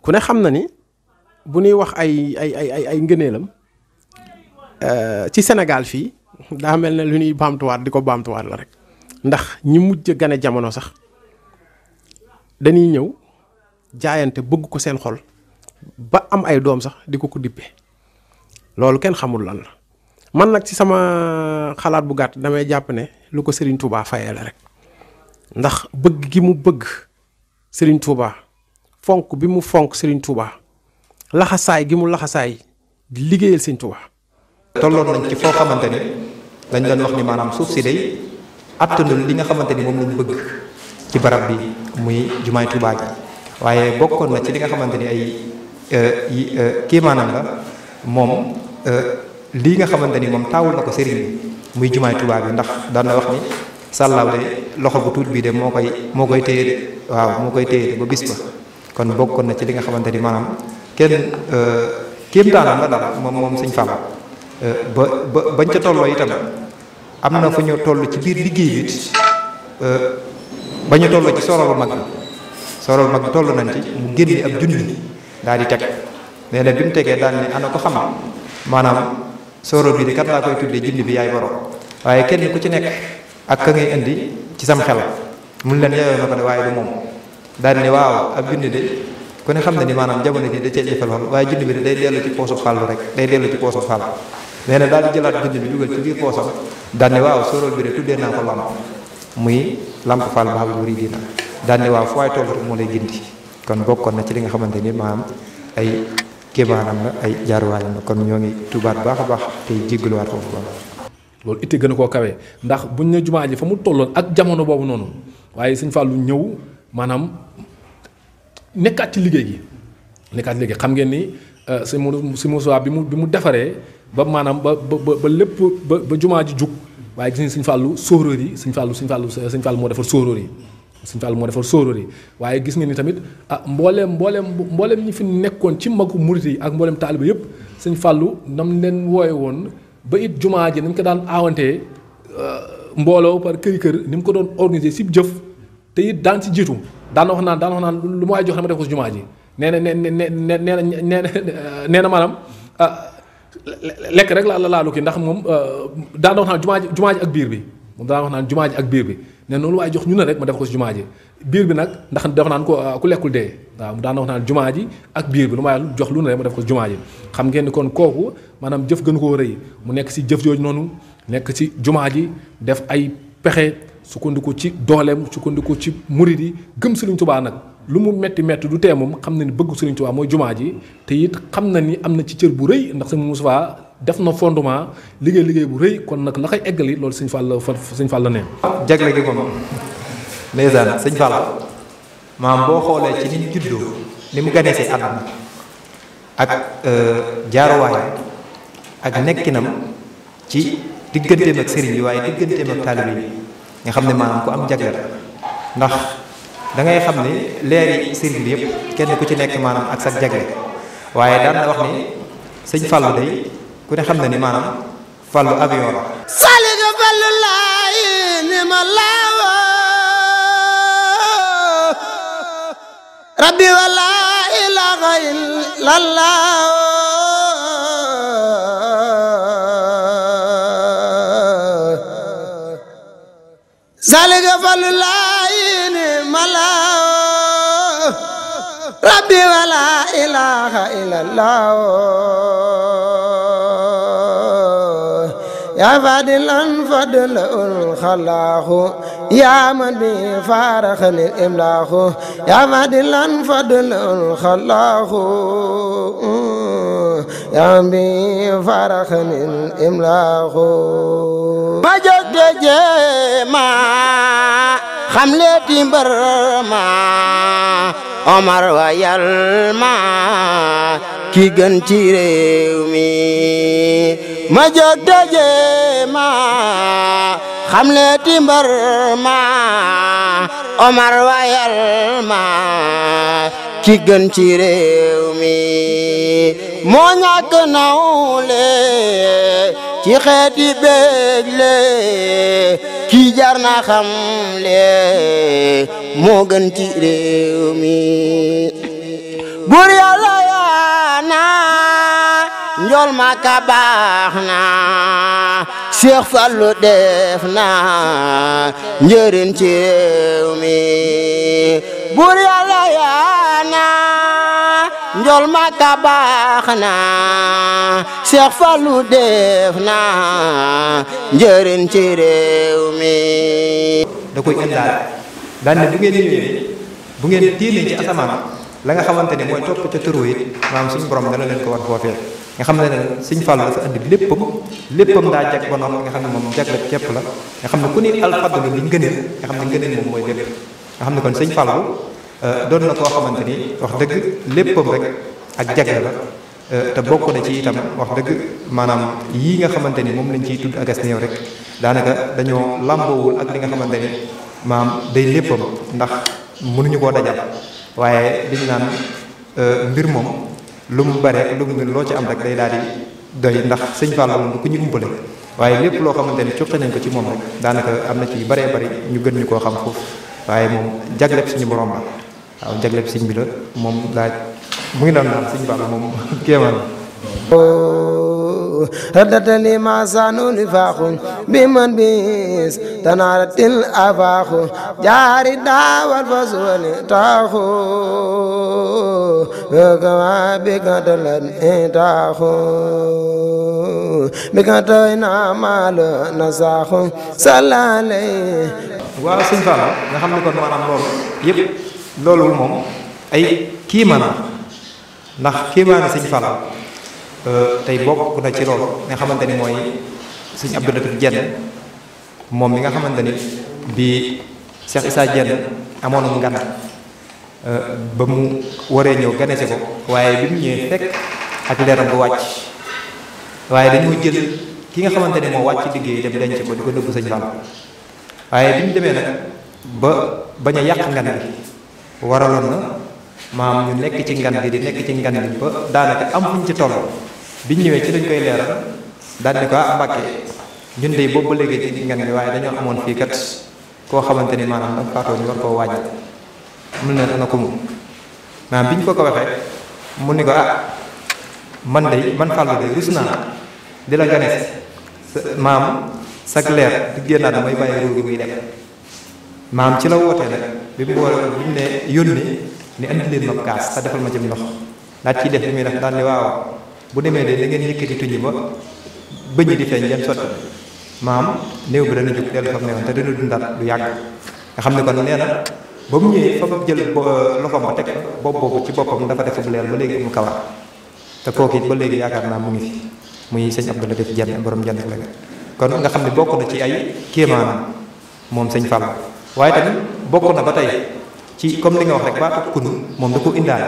ku ne xam na ni bu ñuy wax ay ay ay ay ay ngëneelam euh, ci Sénégal fii daa mel ne lu ñuy baamtuwaat di ko baamtuwaat la rek ndax ñi mujj gane jamono sax dañuy ñëw jaayante bëgg ko seen xol ba am ay doom sax di ko ko dippee loolu kenn xamul lan la man nag ci sama xalaat bu gàtt damay jàpp ne lu ko sëriñ Touba fayee la ndax bëgg mu bëgg Serigne Touba. fonk bi mu fonk Serigne Touba laxasaay gi mu laxasaay liggéeyal Serigne Touba. tolloon nañ ci foo xamante ni dañ doon wax ni maanaam suuf si day attanul li nga xamante ni moom lañ bëgg ci barab bi muy jumaay waaye bokkoon na ci li nga xamante ni ay kii euh, euh, maanaam la moom euh, lii nga xamante ni moom taawul na ko Serigne bi muy jumaay Touba bi ndax daan wax ni. sàllaaw de loxo bu tuut bii de moo koy moo koy téye de waaw moo koy téye de ba bis ba kon bokkon na ci li nga xamante ni maanaam kenn euh, kéemtaanam la daal moom mom sëñ Fall euh, ba ba bañ ca tollo itam amna fu ñu tollu ci biir liggéey bi euh bañu tollu ci sorol mag bi sorol mag bi nañ ci mu génne ab junni daal di tek neena bimu tege daal ni ana ko xam manam sorol bi di kat la koy tuddé junni bi yaay boro waye kenn ku ci nek ak ka ngay indi ci sam xel mun leen yeyoo na ko de waaye du moom dan ni waaw ak junni de ku ne xam na ni maanaam jamono ji da cee jafe lool waaye junni bi day dellu ci poosu fàllu rek day dellu ci poosu fàllu nee na daal di jëlaat junni bi dugal ci biir poosam daal ni waaw sóoróol bi de tuddee naa ko lamp muy lamp fàll ba bu wuri dina daal ni waaw fu toll rek moo lay gindi kon bokkoon na ci li nga xamante ni maanaam ay kéemaanam la ay jaaruwaayam la kon ñoo ngi tubaat baax a baax tey jéggaluwaat foofu ba loolu itte gën a koo kawe ndax buñ ne jumaa ji fa mu tolloon ak jamono boobu noonu waaye sëñ Fallou ñëw maanaam nekkaat ci liggéey gi nekkaat liggéey xam ngeen ni si mu si Moussa bi mu mu defaree ba maanaam ba ba ba lépp ba ba jumaa ji jug waaye gis nañu Fàllu sóoróor yi Sëñ Fàllu Sëñ Fàllu Sëñ Fàllu moo defar sóoróor yi Sëñ Fàllu moo defar sóoróor yi waaye gis ngeen ni tamit ah mboolem mbooleem mbooleem ñi fi nekkoon ci magu murit yi ak mbooleem taaliba yëpp Sëñ Fàllu nam leen wooye woon ba it jumaa ji nañ ko daan aawantee euh, mbooloo par kër kër ni mu ko doon organiser si jëf te it daan si jiitu daan wax naan daan wax lu ma waay jox dama def ko si jumaa ji nee na nee nee nee nee nee na maanaam ah, lekk rek la la laalu kii ndax moom ah, daan na wax naan jumaa ji ak biir bi moom daan wax naan jumaa ji ak biir bi nee na jox ñu ne rek ma def jumaa ji biir bi nag ndax dafa naan ko ah, ku lekkul dee waaw daan wax naan jumaa ji ak biir bi lu ma jox lu ne rek ma def ko si jumaa ji xam ngeen ni kon kooku maanaam jëf gënu koo rëy mu nekk si jëf jooju noonu nekk si jumaa ji def ay pexe. sukkandiku ci dooleem sukkandiku ci murid yi gëm Serigne tubaa nag lu mu metti metti du tee moom xam na ni bëgg Serigne Touba mooy jumaa ji te it xam na ni am na ci cër bu rëy ndax Serigne Moustapha def na fondement liggéey liggéey bu rëy kon nag la koy eggali loolu Serigne Fall fa Serigne Fall la ne. jagle gi ko moom ndeysaan maam boo xoolee ci ni mu juddoo ni mu ganee si àdduna ak euh, jaaruwaay ak nekkinam ci digganteem ak sëriñ bi waaye digganteem ak taalibe bi. nga xam ne maanaam ku am jagleel ndax da xam ne leeri sëriñ bi yëpp kenn ku ci nekk maanaam ak sag jagle waaye daan wax ni sëñ Fallou day ku ne xam na ni maanaam Fallou avion la. saliga Fallou laay ni ma laawoo rabbi wa laa ilaaha kafal laayini malaaw rabbi wala ilaha illallah يا فادلا فضل الخلاق يا من بفارق الإملاق يا فادلا فضل الخلاق يا من بفارق الإملاق ما جد جيما خملتي برما عمر ويلما ki gën ci réew mi ma jóg daje ma xam le ti mbar ma Omar wayal ma ki gën ci réew mi moo ñàkk nawle ci xeeti beeg le ki jar xam le moo gën ci réew mi bur njool maka baax na Cheikh Fallu def na njëriñ ci réew mi bur yàlla yaa na njool maka baax Fallu def na njëriñ ci réew mi da koy indaal daan ne bu ngeen ñëwee bu ngeen la nga xamante ne mooy topp ca turu it maam suñu borom dana leen ko war foofee nga xam ne ne suñ fàllu dafa andi léppam léppam daa jag ba noppi nga xam ne moom jag la képp la nga xam ne ku nit alfadlu li ngëneel nga xam ne ngëneel moom mooy lépp nga xam ne kon sëñ fàllu doon na koo xamante ni wax dëgg léppam rek ak jagle la eh, te bokk na ci itam wax dëgg maanaam yii nga xamante ni moom lañ ciy tudd agas néew rek daanaka dañoo làmboowul ak li nga xamante ni maam day léppam ndax munuñu koo dajal waaye liñ naan euh, mbir moom lu mu bare lu mu loo ci am rek day daal di doy ndax sëñ Fall moom du ku ñu umpale waaye lépp loo xamante ni cuqi nañ ko ci moom rek daanaka am na ci baree bari ñu gën ñu koo xam foofu waaye moom jagleb suñu borom la waaw jagleb sëñ bi la moom laaj mu ngi doon naan sëñ Fall moom kéemaan هدت لي ما سانو نفاق بمن بيس تنارت الأفاق جاري داوال فسول تاخو كما بكتل تاخو بكتلنا مال نساخو صلى عليه waaw sëñ Fallou nga xam ne kon maanaam loolu yëpp loolu moom ay kiimaana ndax kiimaana sëñ Fallou Eh, tey bokk na ci loolu nga xamanteni moy seigne Abdou Latif jenn mom mi nga xamanteni bi Cheikh Issa Diène amoon euh ba mu waree ñew gane ci ko waye bimu ñew ñëwee fekk ak leeram bu wacc waye dañu jël ki nga xamanteni mo wacc wàcc dem denc ko di ko nëbb sëñ Fall waaye bi ñu demee ba baña yak yàq ngan bi waraloon na maam ñu nek ci ngan bi di nek ci ngan bi ba daanaka am fuñ ci tollu biñ ñëwee ci lañ koy leeral daal ne ko ah Mbàkke ñun de boobu ba léegi ci ngan bi waaye dañoo amoon fii kat koo xamante ni maanaam ak faatoo ñu war koo waaj mun ne ana ko mu maanaam biñ ko ko waxee mu ni ko ah man de man fàllu de rus naa di la gane maam sag leer di génnaat mooy bàyyi ruur gi muy dem maam ci la wootee nag bi mu war bi mu ne yónni ni andi leen ma kaas te defal ma jëm ndox daal ciy def li muy def daal ni waaw bu demee de da ngeen yëkkati tuñu ba bëñ di feeñ ngeen sotti maam néew bi dana jóg dellu fa mu newoon te dana dundaat lu yàgg nga xam ne kon nee na ba mu ñëwee fa mu jël euh, loxoom ba teg bopp boobu ci boppam dafa def bu leer ba léegi mu kawar te kooku ba léegi yaakaar naa mu ngi fi muy sëñ Abdou Latif Diène borom Diène la kon nga xam ne bokk na ci ay kéemaanam moom sëñ Fall waaye tamit bokk na ba tey ci comme li nga wax rek baatut kun moom da ko indaale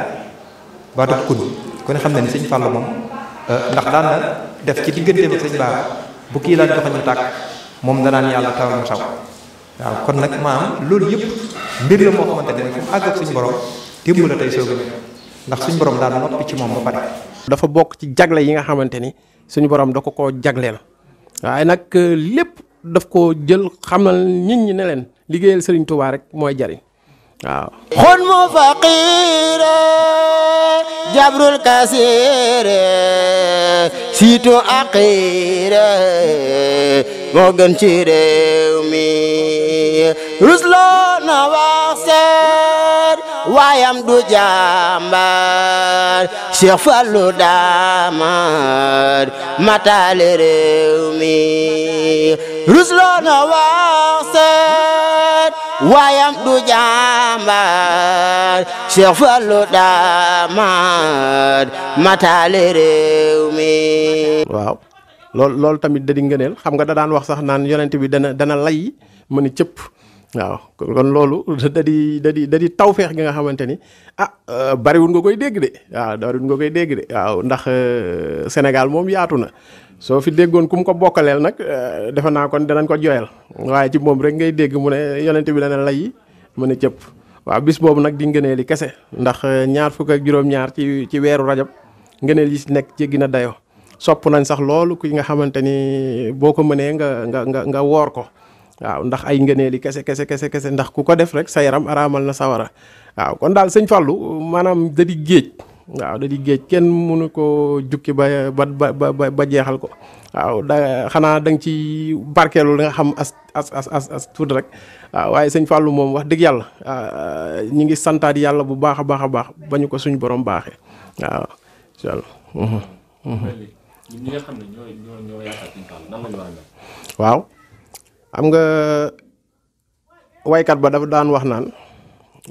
baatut kun kon xam ne ni sëñ Fall moom. Eh, ndax daan na def ci digganteem ak sëñ Bara bu kii daan joxe tàkk moom danaan yàlla taw mu saw waaw kon nag maam loolu yëpp mbir la moo xamante ne fu àgg ak suñ borom démb la tey soog ndax suñ borom daan noppi ci moom ba pare. dafa bokk ci jagle yi nga xamante ni suñu borom da ko koo jagleel waaye nag eh, lépp daf ko jël xamal nit ñi ne leen liggéeyal Serigne Touba rek mooy jariñ waaw xun mu faqiire jabrul kasiire siitu aqiire moo gën ci réew mi rusloo na wax seet waayam du jàmbar Cheikh Fallou daamar matale réew mi rusloo na wax seet waayam du jàmbaar Cheikh Fallu daamaat mataale réew mi waaw loolu tamit da di ngëneel xam nga da daan wax sax naan yonent bi dana dana lay mën a cëpp waaw kon loolu da di da di da di gi nga xamante ni ah bariwul nga koy dégg de waaw bariwul nga koy dégg de waaw ndax euh, Sénégal moom yaatu na so fi déggoon kum ko bokkaleel nag eh, defe naa kon danañ ko joyal waaye ci moom rek ngay dégg mu ne yonente bi dana lay mu ne cëpp waaw bis boobu nag di ngëneel li kese ndax eh, ñaar fukk ak juróom-ñaar ci ci weeru rajab ngëneel yi nekk ci gën a dayo sopp nañ sax loolu ki nga xamante ni boo ko mënee nga nga nga nga woor ko waaw ndax ay ngëneel yi kese kese kese kese ndax ku ko def rek sa yaram araamal na sawara waaw kon daal sëñ Fallou maanaam da di géej waaw nah, da di géej kenn munu ko jukki ba ba ba ba, ba jeexal ko waaw da xanaa da nga ci barkeelu nga xam as as as as as tuut rek waaw waaye sëñ Fallou moom wax dëgg yàlla ah, ñi ngi santaat yàlla bu baax a baax a baax bañu ko suñu borom baaxee waaw incha allah. Mhm, mhm. ñi nga xam ne ñoo ñoo ñoo yaakaar sëñ Fallou nan la ñu waaw xam nga waykat ba dafa daan wax naan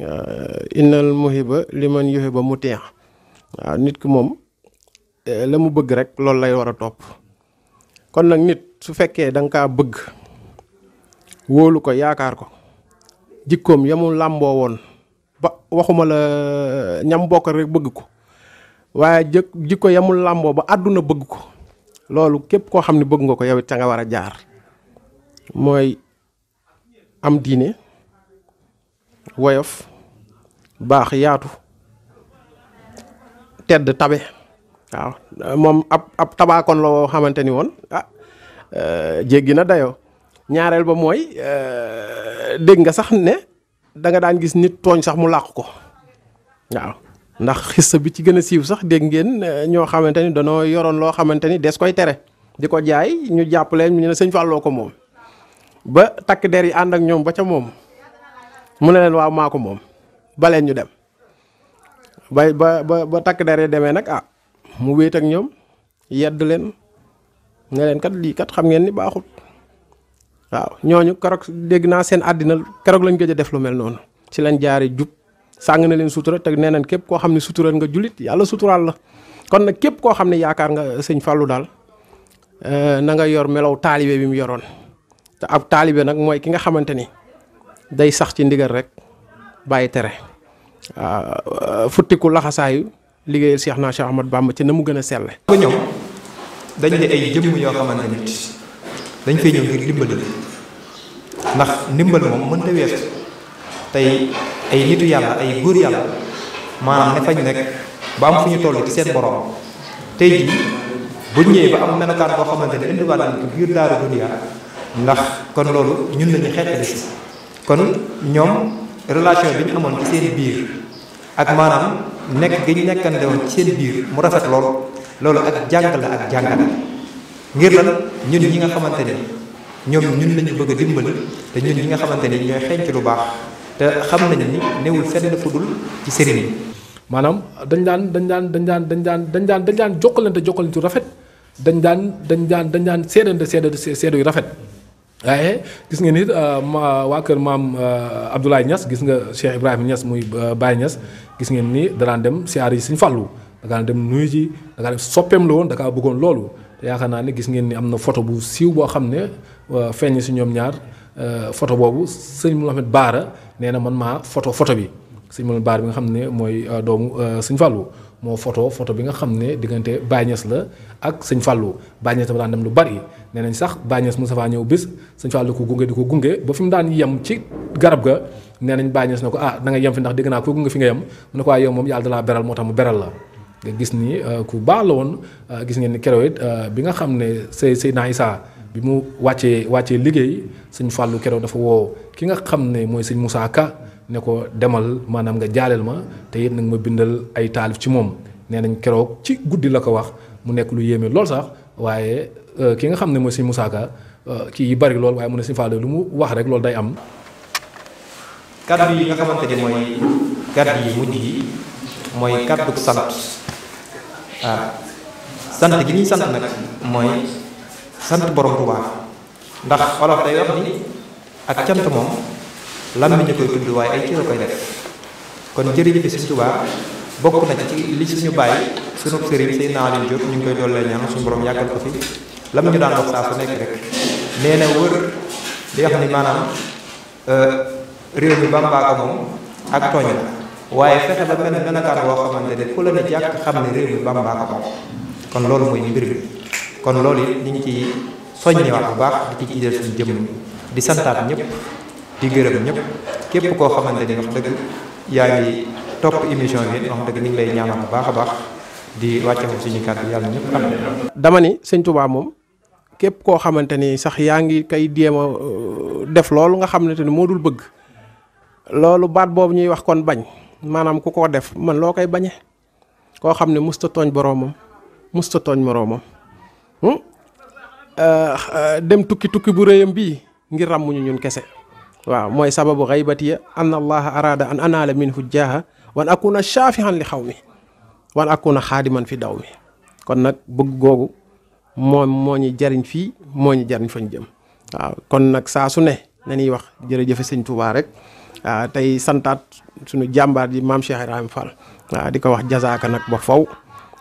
ah, innal muhiba liman yuhiba mutiya A nit ki mom eh, la mu bëgg rek lool lay wara top kon nak nit su fekke dang ka bëgg wolu ko yaakar ko jikkom yamu lambo won ba waxuma la eh, ñam bokk rek bëgg ko waaye jikko yamu lambo ba aduna bëgg ko loolu képp koo xam ne bëgg nga ko yow it ca nga war a jaar mooy am diine woyof baax yaatu tedd tabe waaw mom ab ab tabakoon la woo xamante won ah euh na dayo ñaarel ba euh dégg nga sax ne da nga daan gis nit togn sax mu laq ko waaw ndax xissa bi ci gëna siiw sax dégg ngeen eh, ño xamanteni ni danoo yoroon lo xamante des koy tere diko ko jaay ñu jàpp leen ñu ne sëñ ko mom ba tak der yi and ak ñom ba ca mom mu ne leen waaw maa ko ñu dem ba ba ba ba takk dare ya demee ah mu wét ak ñom yedd leen ne leen kat li kat xam ngeen ni baaxut waaw ñoñu karok dégg na seen adina karok lañu gëj def lu mel non ci lañ jaari jup sang na leen sutura tak nee nañ képp koo sutura nga julit yalla sutural la kon nak képp ko xamni yaakar nga eh, señ fallu dal euh na nga yor melaw talibé bi mu yoron ta ab talibé nak moy ki nga xamanteni day sax ci ndigal rek baye téré Euh, futtiku laxasaayu liggéeyal Cheikh naa Cheikh Ahmad Bamba ci na mu gën a sell. ba ñëw dañ ne ay jëmm yoo xamante nit dañ fee ñëw ngir dimbali ndax ndimbal moom mënta wees tey ay nitu yàlla ay góor yàlla maanaam ne fañ nekk ba am fu ñu toll ci seen borom tey jii bu ñëwee ba am melokaan boo xamante ne indiwaat nañ ko biir daaru duniya ndax kon loolu ñun lañu xeetali si kon ñoom. relation bi ñu amoon ci seen biir ak maanaam nekk gi ñu nekkante woon ci seen biir mu rafet lool loolu ak jàng la ak jàngale ngir lan ñun ñi nga xamante ni ñoom ñun lañuy bëgg a dimbali te ñun ñi nga xamante ni ñooy xeeñ ci lu baax te xam nañu ni newul fenn fudul ci sëriñ yi maanaam dañ daan dañ daan dañ daan dañ daan dañ daan dañ daan jokkalante jokkalante yu rafet dañ daan dañ daan dañ daan seedante seedante seede yu rafet waaye eh, eh, gis nga nit euh, waa kër maam euh, Abdoulaye Niass gis nga Cheikh ibrahim Niass muy euh, Baye Niass gis ngeen ni danaan dem siyaar yi Sëñ Fallu da ngaa dem nuyu ji da ngaa dem soppeem la woon da ngaa bëggoon loolu te yaakaar naa ne gis ngeen ni am na photo bu siiw boo xam ne feeñ si ñoom ñaar photo boobu sëñ Mouhamed Baara nee na man maa photo photo bi sëñ Mouhamed Baara bi nga xam ne mooy doomu Sëñ Fallu moo foto photo bi nga xam ne diggante Baye Niass la ak sëñ fàllu Baye Niass dafa daan dem lu bari nee nañ sax Baye Niass Moustapha ñëw bis sëñ Fallou ko gunge di ko gunge ba fi mu daan yem ci garab ga nee nañ Baye Niass ko ah da nga ndax dégg naa ko fi nga yem mu ne ko ah, yow moom yàlla dalaa beral la nga gis ni euh, ku baax la woon euh, gis ngeen ni keroog it euh, bi nga xam ne say Seydina Issa bi mu wàccee wàccee liggéey sëñ Fallou keroog dafa woo ki nga xam ne mooy sëñ Moussa Ka ne ko demal manam nga jaalel ma te it nak ma bindal ay talif ci mom nee nañ keroog ci goudi la ko wax mu nek lu yéeme lol sax waaye euh, ki nga xamne ne mooy si Moussa Ka euh, kii yi bari lol waye mu ne si Fallou lu mu wax rek lol day am. kaddu yi nga xamantene moy kaddu yi mujj yi kaddu sant ah sant gi ni sant nak moy sant borom Tuubaa ndax olof day wax ni ak cant mom làmmiñ a koy tudd waaye ay cër a koy def kon bi Sëriñ Tuubaa bokk na ci li suñu bàyyi sunu sëriñ Seydina Aliou Diop ñu ngi koy dollee ñaan suñu borom ñu daan wax saa su nekk rek nee na wër di wax ni maanaam euh, réew mi bàmbaaka moom ak tooñ la waaye fexe ba mel menakaan boo xamante ne ku la ne jàkk xam ne réew mi bàmbaaka moom kon loolu mooy mbir bi kon loolu it ñu ngi ci soññi wax bu baax di ci jiital suñu jëmm di santaat ñëpp di gërëm ñëpp képp koo xamante ni wax dëgg yaa ngi topp émission bi wax dëgg ñu ngi lay ñaanal bu baax a baax di wàcce ko suñu kàddu yàlla ñëpp am dama ni sëñ tuba moom képp koo xamante ni sax yaa ngi kay diema euh, def loolu nga xamante ni moo dul bëgg loolu baat boobu ñuy wax kon bañ maanaam ku ko def man loo koy bañe koo xam ne musta tooñ boroomam musta tooñ moroomam hmm? euh, euh, dem tukki tukki bu rëyam bii ngir ràmmuñu ñun kese waaw mooy sababu xaybatiya anna allaha arada an anaala minhu jaaha wan akuna shaafihan li xaw mi wan akuna xaadiman fi daw mi kon nag bëgg googu moom moo ñu jariñ fii moo ñu jariñ fañ jëm waaw kon nag saa su ne nañuy wax jërëjëfe sëñ Touba rek waaw tey santaat suñu jàmbaar ji maam Cheikh Ibrahima Fall waaw di ko wax jazaaka nag ba faw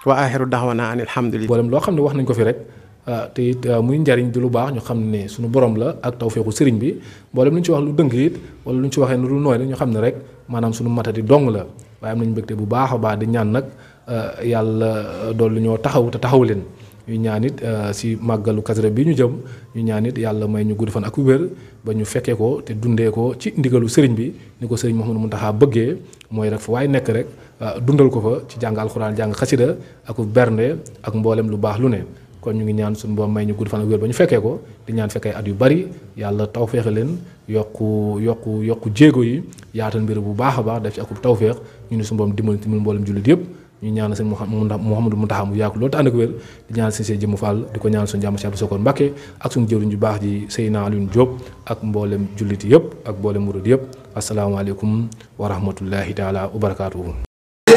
wa axiru daxwana an alhamdulillah boolem loo xam ne wax nañ ko fi rek Euh, te it euh, muy njariñ di lu baax ñu xam ne suñu borom la ak tawféexu sëriñ bi mboolem lu ñu ci wax lu dëng it wala lu waxee lu nooy la ñu xam ne rek maanaam suñu matadi dong la waaye am nañu mbégte baax a baax di ñaan nag euh, yàlla dool lu ñoo taxaw te taxaw leen ñu ñaan it si màggalu Kazu Rajab ñu jëm ñu ñaan it yàlla may ñu gudd fan ak wér ba ñu fekkee ko te dundee ko ci ndigalu sëriñ bi ni ko sëriñ Mouhamadou Mountakha bëggee mooy rek waaye nekk rek dundal ko fa ci jàng alxuraan jàng xasida ak bernde ak mboolem lu baax lu ne kon ñu ngi ñaan suñu mboom may ñu gudd fan ak wér ba ñu fekkee ko di ñaan fekkee at yu bari yàlla tawféexe leen yokku yokku yokku jéego yi yaatal mbir bu baax a baax def ci akub tawféex ñu ne suñu boom dimbali ci mboolem jullit yëpp ñu ñaan seen Mouhamadou Mountakha mu yàgg loolu te ànd ak wér di ñaan seen see jëmm faal di ko ñaan suñu jàmm si Abdou Sokone Mbacké ak suñu jëwriñ ju baax ji sëy naa Alioune Diop ak mboolem jullit yëpp ak mboolem murid yëpp asalaamaaleykum wa rahmatullahi taala wa barakaatuhu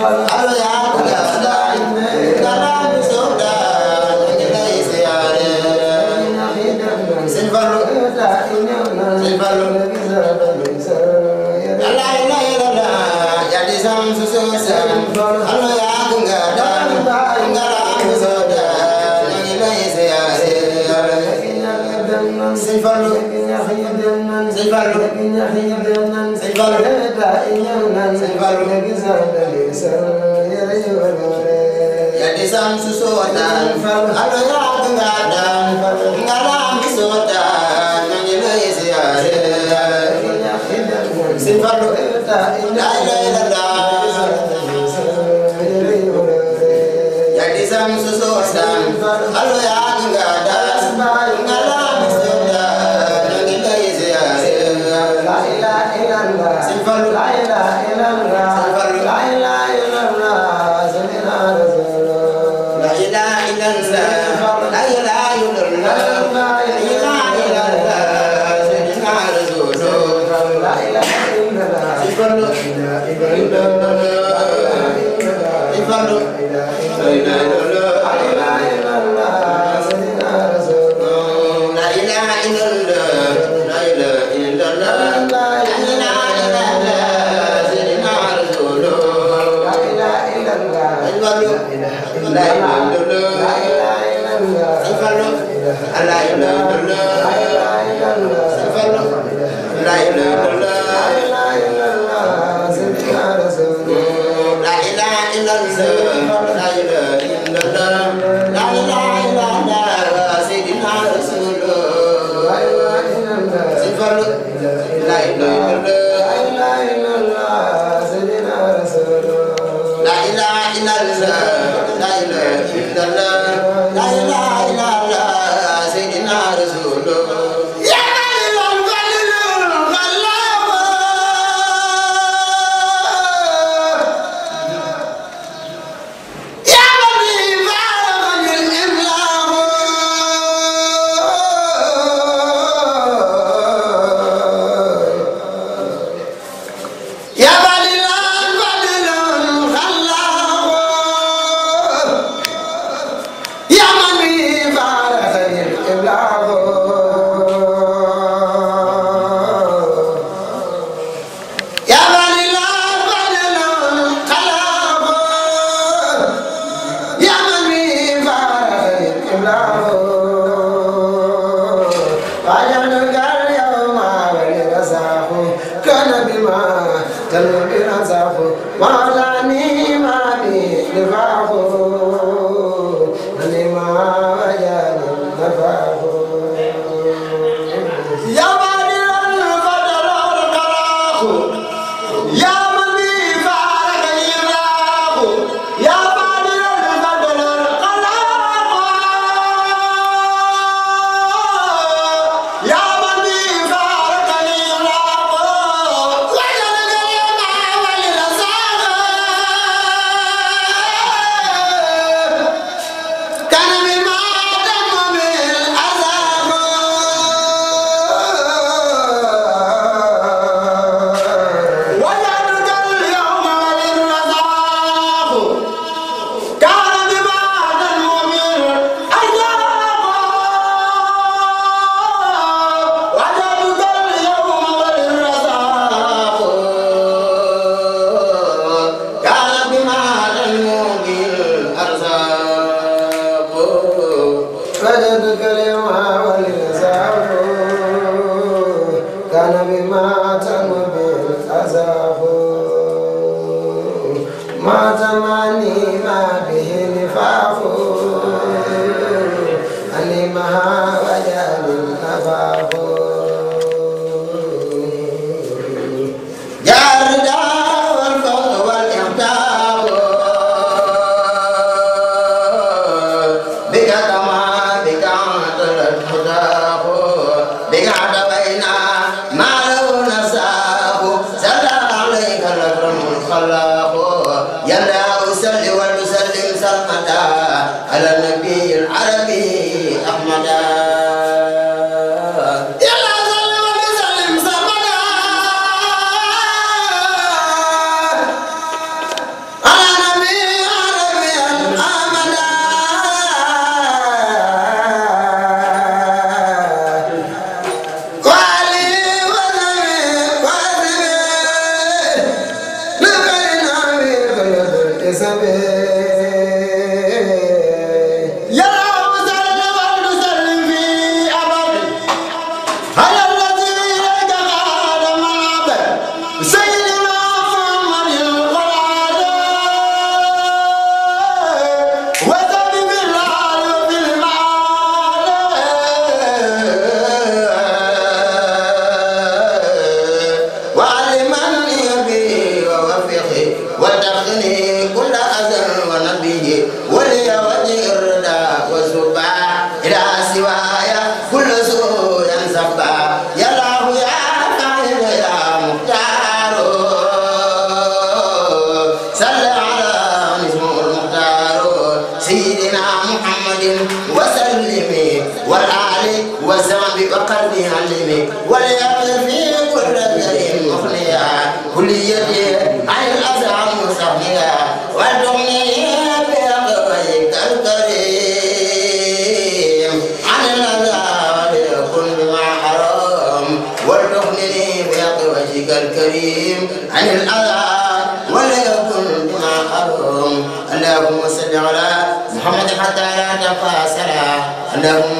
Sëñ Fallou yadde sam su sotan fal alo yaadu nga dan fal ngalam ki sotan nangi lo yesi yare sin falo ta ila ila Oh. والاعلي والزمن وقرنها علمي وليقل في كل كريم مخليا كل كليته عن الأزعم مصحبها والدنيا الكريم عن الأذى ولا يكون بما حرم اللهم صل على محمد حتى لا تبقى اللهم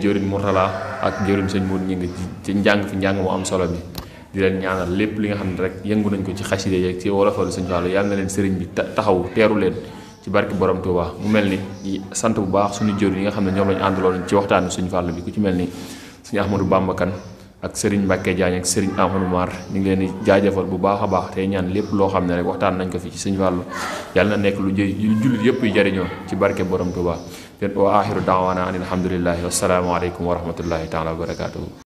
jeurin murtala ak jëwrin sëñ mur ñing ci njang fi njang mu am solo bi di len ñaanal lepp li nga xamne rek yëngu nañ ko ci xaside yeeg ci wolofalu sëñ Fallu yàlla na len sëriñ bi taxaw teeru len ci barki borom tuba mu melni ni sant bu baax suñu jeur yi nga xamne ne ñoom lañ andalon ci waxtaan sëñ Fallu bi ku ci melni ni sëñ Ahmadou Bamba kan ak sëriñ Mbacke Diagne ak sëriñ Amadou Mar ñi ngi leen di jaajëfal bu baaxa baax te ñaan lepp lo xamne rek waxtaan nañ ko fi ci sëñ Fallu yalla na nekk lu jullit yëpp yu jariñoo ci barke borom tuba wa akhiru da'wana anil hamdulillahi wassalamualaikum warahmatullahi taala wabarakatuh